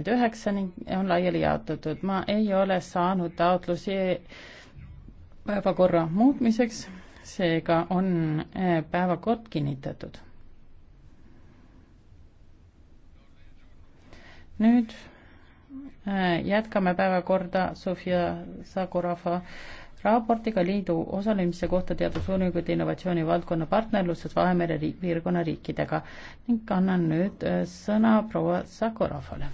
et üheksani on laiali jaotatud. ma ei ole saanud taotlusi päevakorra muutmiseks, seega on eh, päevakord kinnitatud. nüüd eh, jätkame päevakorda Sofia Sakurafa raportiga liidu osalemise kohta teadusuuringute innovatsiooni valdkonna partnerluses Vahemere piirkonna riikidega ning annan nüüd eh, sõna proua Sakurafale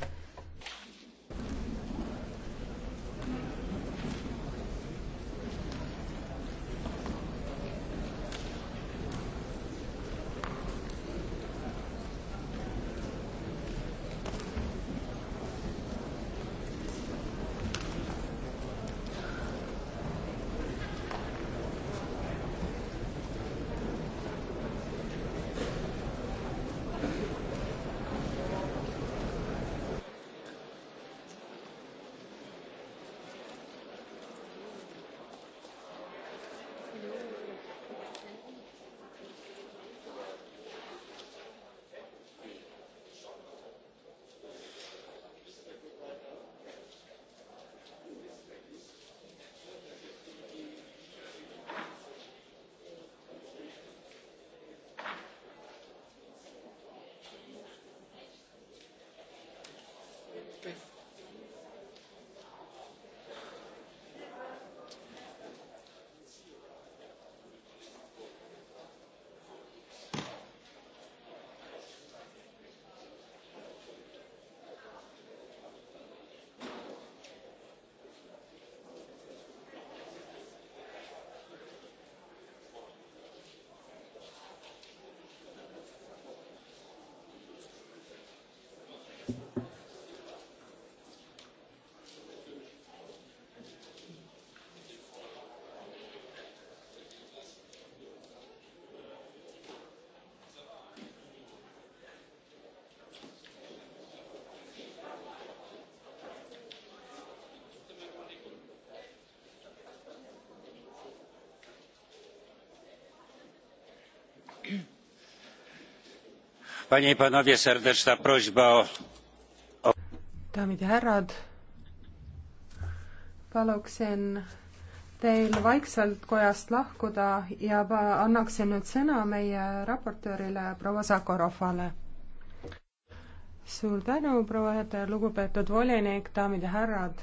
panie i panowie serdeczna prośba o. daamid ja härrad paluksin teil vaikselt kojast lahkuda ja annaksin nüüd sõna meie raportöörile proua Sakorovale. suur tänu, proua Hede, lugupeetud volinik, daamid ja härrad.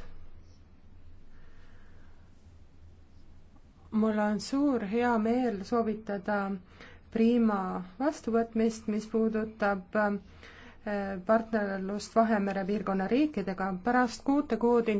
mul on suur hea meel soovitada Prima vastuvõtmist, mis puudutab äh, partnerlust Vahemere piirkonna riikidega. pärast kuute kuud